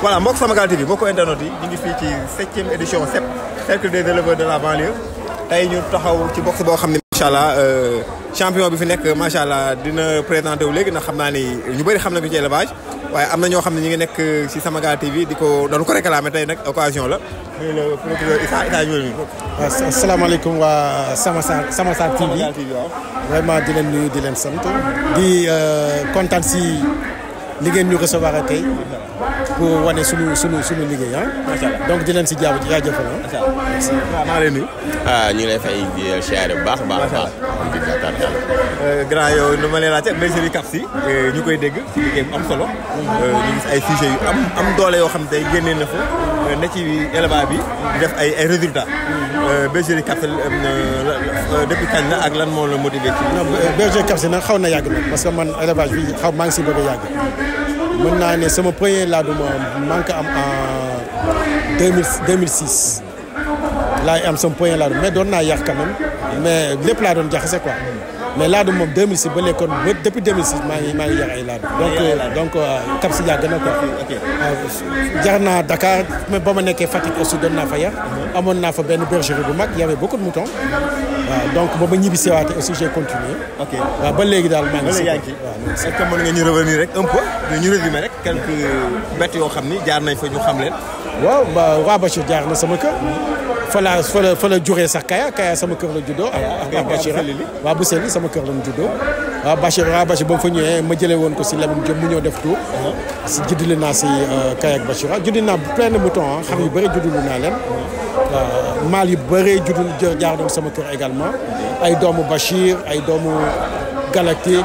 voilà mbokk Samagal TV mbokk internet yi ñu édition CEP cercle des éleveurs de la banlieue tey ñu taxaw ci box boo xam ne macha allah euh, champion bi fi nekk macha allah dina présenté wu léegi ndax xam naa ni ñu bëri xam na ko ci élevage waaye am na ñoo xam ne ñu ngi nekk si Samagal TV di ko doon ko réclamé tey nag occasion la muy le procureur Issa sama Diop. waaw asalaamaaleykum waa Samagal Samagal TV vraiment di leen nuyu di leen sant. di euh, kontaan si li ngeen ñu recevoir tey. pour wane suñu suñu suñu liggéey ah. macha allah donc di leen si jàpp ci jaajëfal ah. macha allah merci. waaw maa ah ñu lay fay siyaare bu baax baax baax. macha allah euh, grand yow nu ma leen laajte Bergerie Cap si euh, ñu koy dégg ci liggéey bu am solo. Euh, ñu gis ay sujet yu am am doole yoo xam tey génnee na fa na ci élevage bi def ay ay résultats. Bergerie Cap si depuis kañ la ak lan moo la motivé ci. non Bergerie Cap si nag xaw na yàgg nag parce que man élevage bi xaw maa ngi si bëgg a yàgg. Maintenant, c'est mon premier là duma manque en 2006 laay am son point là mais doon naa yàq quand même mais lépp laa doon c'est quoi mais laadum moom 2006 ba léegi kon depuis 2006 ma ngi maa ngi yàq ay donc euh, donc euh, Cap si yàgg na quoi. ok euh, jar Dakar mais ba ma nekkee fatigue aussi doon naa fa na amoon naa fa benn bergerie bu il y avait beaucoup de moutons. donc ba ben ñibbi seewaatee aussi j'ai continué. ok waaw ba léegi daal maa ngi est-ce que mën nga ñu revenir rek un peu ñu résumé rek. quelques bêtes au camion ni jaar nañ fa ñu xam waaw ba waa Bachir jaar na sama kër. fa la fa la fa Kaya Kaya sama kër la juddoo. Bachir sama kër la mu juddoo. Bachir Bachir ba fa ñëwee ma jëlee woon ko si mu ñëw def tour. Uh-huh. si euh, naa plein de ah. xam yu bëri Il naa leen. Uh-huh. Euh, maal yu juddul également. Uh-huh. ay doomu Bachir ay doomu Galactique.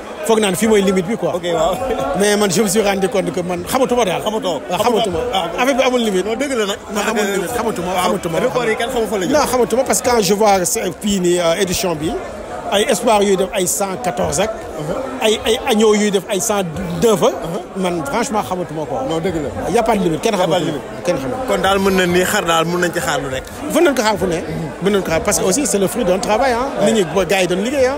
foog naan fii mooy limite bi quoi. ok waaw mais man je me suis rendu compte que man xamatuma daal. xamatoo ah, xamatuma ah, affaire bi amul limite. non deug la nag. amul limite xamatuma xamatuma. record yi kenn xamu fa la non xamatuma parce que quand je vois fii nii euh, édition bi ay espoir yu def ay 114 ak. Uh-huh. ay ay agneau yu def ay 102 uh-huh. man franchement xamatuma quoi. non deug la y' a pas de limite ken xamul. kenn xamul kon dal mën nañ ni xar dal mën nañ ci xaar lu rek mën nañ ko xaar fu ne. mën ko xaar parce que aussi c'est le fruit d'un travail hein nit ñi gars doon liggéey hein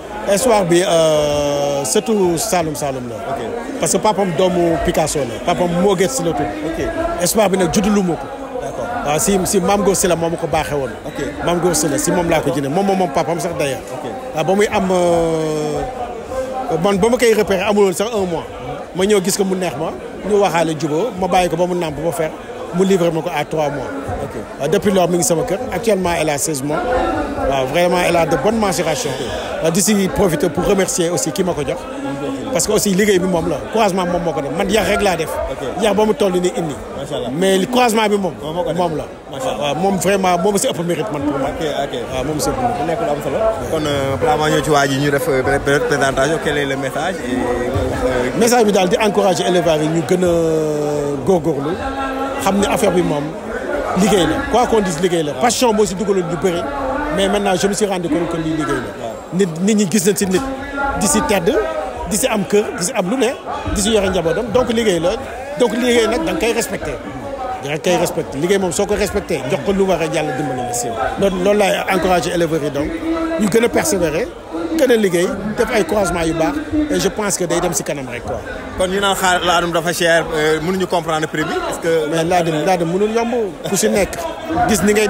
histoire bi euh, surtout Saloum Saloum la. parce que papam doomu Picasso la. papam Moguet si la tudd. ok histoire bi nag juddulu ma ko. d'accord waaw si si maam Góor si la moom ko baaxee woon. ok maam Góor si la si moom laa ko jëlee mom mom moom papam sax d'ailleurs. ok ba muy am euh, man ba ma koy repérer amul woon sax 1 mois. ma ñëw gis ko mu neex ma ñu waxale jubóo ma bayiko ba mu namp ba fer mu livrer mako à 3 mois. ok depuis loolu mi ngi sama kër actuellement elle a 16 mois. Ah, vraiment, elle a de bonnes mensurations. D'ici, profiter pour remercier aussi qui m'a Parce que aussi, l'idée est mom là. Croisement, mom m'a connu. Man, il y a règle à def. Il y a bon mouton l'iné Mais le croisement, mom, mom là. Mom vraiment, mom c'est un peu mérite pour moi. Ok, ok. Mom c'est pour moi. Kon, vraiment, nous tu as dit, nous avons fait une présentation. Quel est le message? Le euh, message, c'est d'encourager les élèves à nous gogorlu. Xamni affaire bi mom liggéey la quoi qu'on dise liggéey la passion mo ci dugaloon ñu bëri mais maintenant je me suis rendu compte que les gens nit nit ñi gis na ci nit di si tedd di si am kër di am lu ne donc ils la donc liggéey nag da nga koy respecté. da koy respecté liggéey moom soo ko lu dimbali la loolu loolu laay encouragé donc ñu gën persévérer gën a def ay croisement yu et je pense que day dem si kanam rek quoi. kon ñu naan xaar laadum dafa cher euh, comprendre prix est-ce que. mais laadum laadum mënul yomb ku si nekk gis ni ngay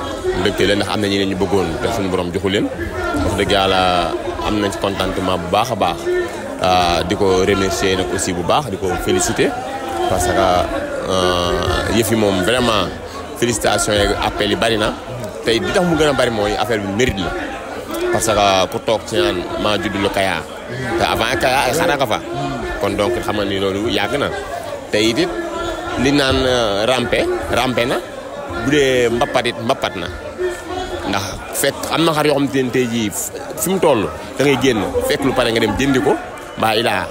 mbégte leen ndax am na ñeneen ñu bëggoon te suñu borom joxu leen wax dëgg yàlla am nañ ci contentement bu baax a baax ah, di ko remercier nag aussi bu baax di ko féliciter parce que euh, yëf yi moom vraiment félicitations yeeg appel yi bari na tey bi tax mu gën a bari mooy affaire bi mérite la parce que ku toog ci naan maa judd lu kaya te avant kaya ay xara nga fa kon donc xam ni loolu yàgg na te it li naan euh, rampé rampé na bu dee mbappat it mbappat na ndax fekk am na xar yoo xam ne tey jii fi mu toll da ngay génn fekk lu pare nga dem jëndi ko mbaa ilaa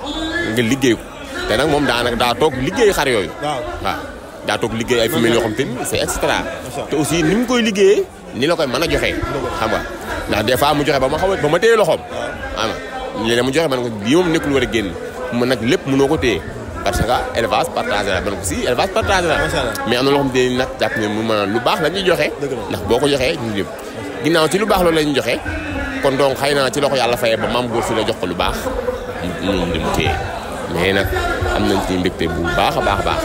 nga liggéey ko te nag moom daanaka daa toog liggéey xar yooyu. waaw waaw daa toog liggéey ay femelles yoo xam extra. te aussi ni mu koy liggéeye ni la koy mën a joxe. xam nga ndax de fois mu joxe ba ma xaw ba ma téye loxoom. waaw xam nga léeg-léeg mu joxe man bii moom nekkul war a génn mu nag lépp mënoo ko téye. parce que élevage partagé la man aussi va partagé la. mais am na loo xam ne nag jàpp ne mu maanaam lu baax la ñuy joxe. ndax boo ko joxee ñu jëm. ginnaaw ci lu baax loolu la ñuy kon donc xëy na ci la ko yàlla fayee ba maam góor si la jox ko lu baax mu mu mais nak am nañ ci mbégte bu baax baax baax.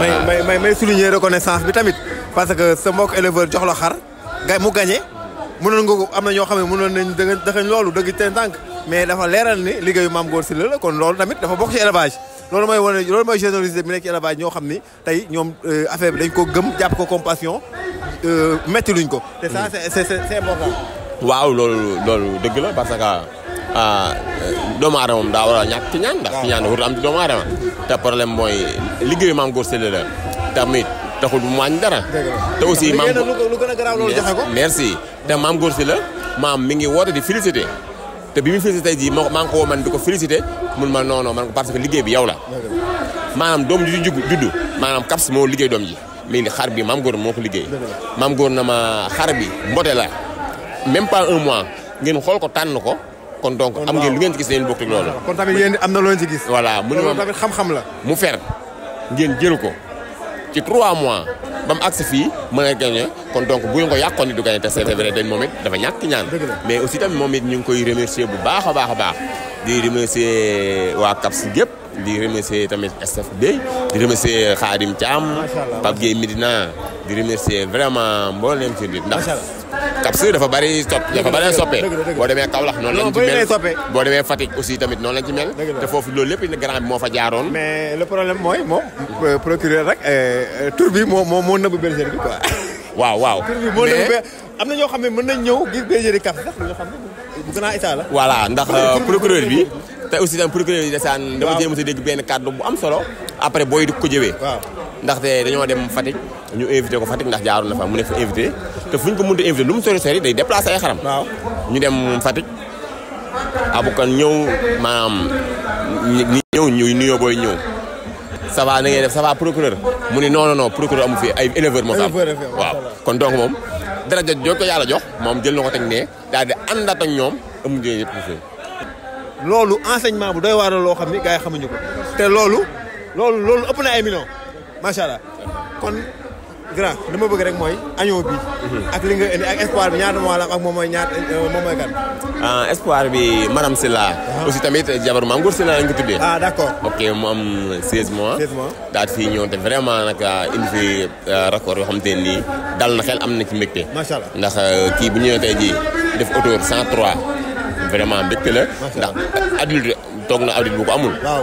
may may may may souligner reconnaissance bi tamit parce que sa mbokk éleveur jox la xar gay mu gagné mënon nga ko am na ñoo xam ne nañ dëgg dëgg lolu dëgg seen mais dafa léral ni liggéeyu mam gor ci la kon lolu tamit dafa bok ci élevage. loolu mooy wane loolu mooy générosité bi nekk ci ñoo xam ni tey ñoom euh, affaire bi dañ ko gëm jàpp ko compassion euh, métti luñ ko. te ça c'est c'est important. waaw loolu dëgg la parce que. Ah, euh, doomu aadama moom daa war a ñàkk ci ñaan ndax ci ñaan wut am ci doomu aadama te mooy liggéeyu maam góor sële la tamit taxul mu wàññi dara te aussi maam merci te maam góor sële maam mi ngi woote di félicité te bi muy félicité tey jii ma maa ko woo man di ko félicité mun ma non non man parce que liggéey bi yow la maanaam doom ji juddu maanaam CAPS moo liggéey doom ji mais li xar bi maam góor moo ko liggéey maam góor na ma xar bi mbote la même pas un mois ngeen xool ko tànn ko kon donc am ngeen lu ngeen ci gis leen bokk loolu kon tamit yéen am na loo ci gis voilà mu ne ma tamit xam-xam la mu fer ngeen jël ko ci crois mois moi, mu agsi fii mën a gagné kon donc bu ñu ko du gagné c'est vrai dañ momit dafa ñak ñaan mais aussi tamit momit ñu ngi koy remercier bu baax a baax di remercier wa CAPS gépp di remercier tamit SFB di remercier Khadim Thiam Pape Gueye Medina di remercier vraiment mboolem ci nit ndax Kapsu dafa bari sopp dafa bari soppee boo demee Kaolack noonu lañ ci mel boo demee Fatick aussi tamit noonu lañ ci mel waaw waaw am na ñoo xam ne mën nañ ñëw a état la voilà euh, bi te aussi tam procureur yi desaan dama a dégg benn kàddu bu am solo après booy di ko ndaxte dañoo dem Fatick ñu invité ko Fatick ndax jaaroon na fa mu nekk fa invité te fu ko mënut a invité lu mu sori sori day déplacé ay xaram. waaw ñu dem Fatick ka ñëw maanaam ñi ñëw ñu nuyoo booy ñëw. ça va na ngay def ça procureur mu ne non noo non procureur amu fi ay éleveur moo fa am waaw kon donc moom dara jot joo ko yàlla jox moom jël na ko teg ne daal di àndaat ak ñoom amuñu jëlee yëpp loolu enseignement bu doy waar loo xam ni gars yi xamuñu ko te loolu loolu loolu ëpp na ay macha kon grand dama bëgg rek moy añoo bi. Mhm. ak li nga indi ak espoir bi ñaata moo la ak moom mooy ñaata euh, moom mooy kan. ah espoir bi madame sila ah. aussi tamit euh, jabar ma ngour sila nga tuddé ah d'accord ok mo am 16 mois. 16 mois daat fi ñëw té vraiment nak euh, indi fi raccord yo xamanté ni dal na xel am na ci mbégte. macha allah ndax ki bu ñëw tay ji def autour 103 vraiment mbékté la. ndax adulte tok na adulte bu ko amul. waaw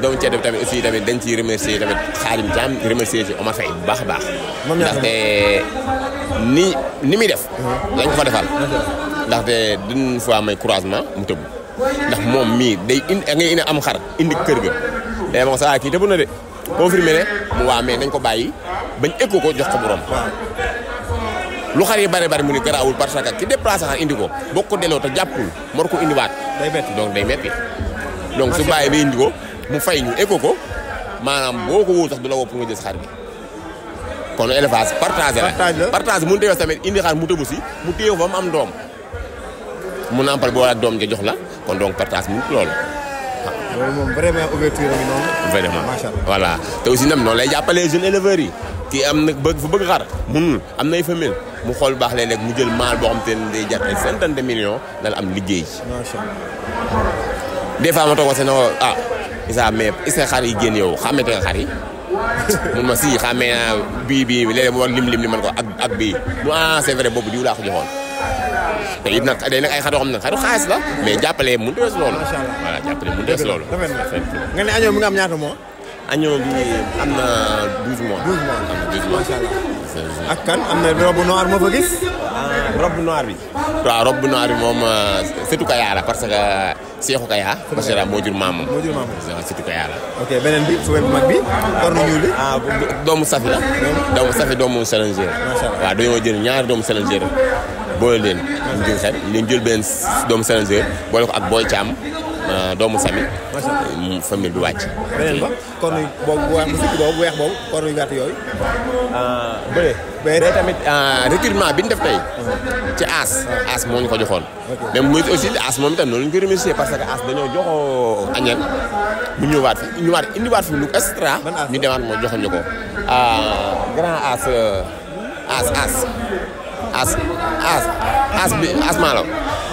doomu ceeb bi tamit aussi tamit dañ ciy remercier tamit Xaadim Jaam remercier ci Omar Faye bu baax a baax. ni ni muy def. lañ ko fa defal. ndaxte d'une fois may croisement mu tëb ndax moom mii day indi am xar indi kër ga. day ma ko sax ah kii tëbu de confirmé ne mu waa nañ ko bàyyi bañ ekku ko jox ko borom. lu xar yi bare bare mu ni awul parce que ki déplacé xar indi ko boo ko delloo te jàppul mor ko indiwaat. day métti day métti. donc su bi mu fay ñu éco ko nga kon élevage partage indi xar mu si mu am doom mu nàmpal boo ak doom jox la kon donc partage vraiment ouverture voilà aussi de millions dal des fois ma toog ah Issa mais est ce genio xar hari génn yow xàmmee nga xar yi ma si ah, lim lim li ko ak ak bii mu ah c'est vrai boobu diw laa ko joxoon te it nag day ay xar yoo xam ne la mais jàppale mu des loolu. macha allah mu des loolu. nga ne añoo nga am ñaata bi 12 mois. 12 mois 12 mois ak kan noir fa gis. ah robe noir bi. waaw robe noir bi moom euh, surtout que Seexu Kaya. parce que moo jur maamam. moo jur maamam surtout Kaya la. ok beneen bi su mag bi. kor nu ñuul ah doomu Safi la. doomu Safi doomu Sénégal. macha allah waaw ñaari doomu Sénégal boole leen. ñu doomu Sénégal boole ko ak Boy Thiam. Euh, doomu sami famille du wàcc beneen ba kon boobu bu sikki boobu bu weex boobu kon yu gàtt yooyu bële euh, bële tamit euh, recrutement bi ñu def tey ci aas aas moo ñu ko joxoon mais muy aussi aas moom itam noonu ñu ko remercier parce que aas dañoo joxoo añeel mu ñëwaat fi ñëwaat indiwaat fi lu extra ñu demaat moo joxoon ñu ko grand aas aas aas aas aas aas bi aas maalo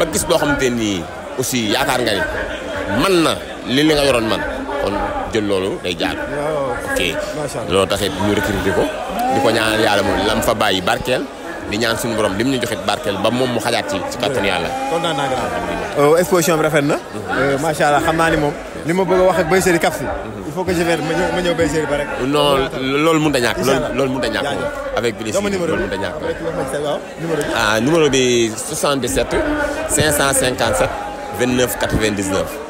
ba gis loo xamante nii aussi yaakaar nga ni man na li li nga yoroon man kon jël loolu day jaar ok loolu taxit ñu recruter ko di ko ñaanal yàlla moom lam fa bàyyi barkeel di ñaan suñu borom lim ñu joxit barkeel ba moom mu xajaat ci ci kàttanu yàlla kontaan naa euh, exposition bi rafet na euh, macha allah xam naa ni moom li ma bëgg a wax ak Baye Seri Kapsi il faut que je vienne ma ñëw bergerie non l'ol mënut a ñàkk. incha avec le numéro de a numéro ah numéro de 77 557 29 99.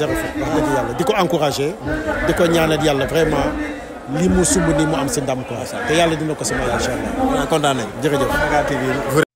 zéro faute wax dëgg yàlla di ko encouragé di ko ñaanal yàlla vraiment li mu sumb ni mu am si ndam quoi te yàlla dina ko sama incha allah kontaan nañ jërëjëf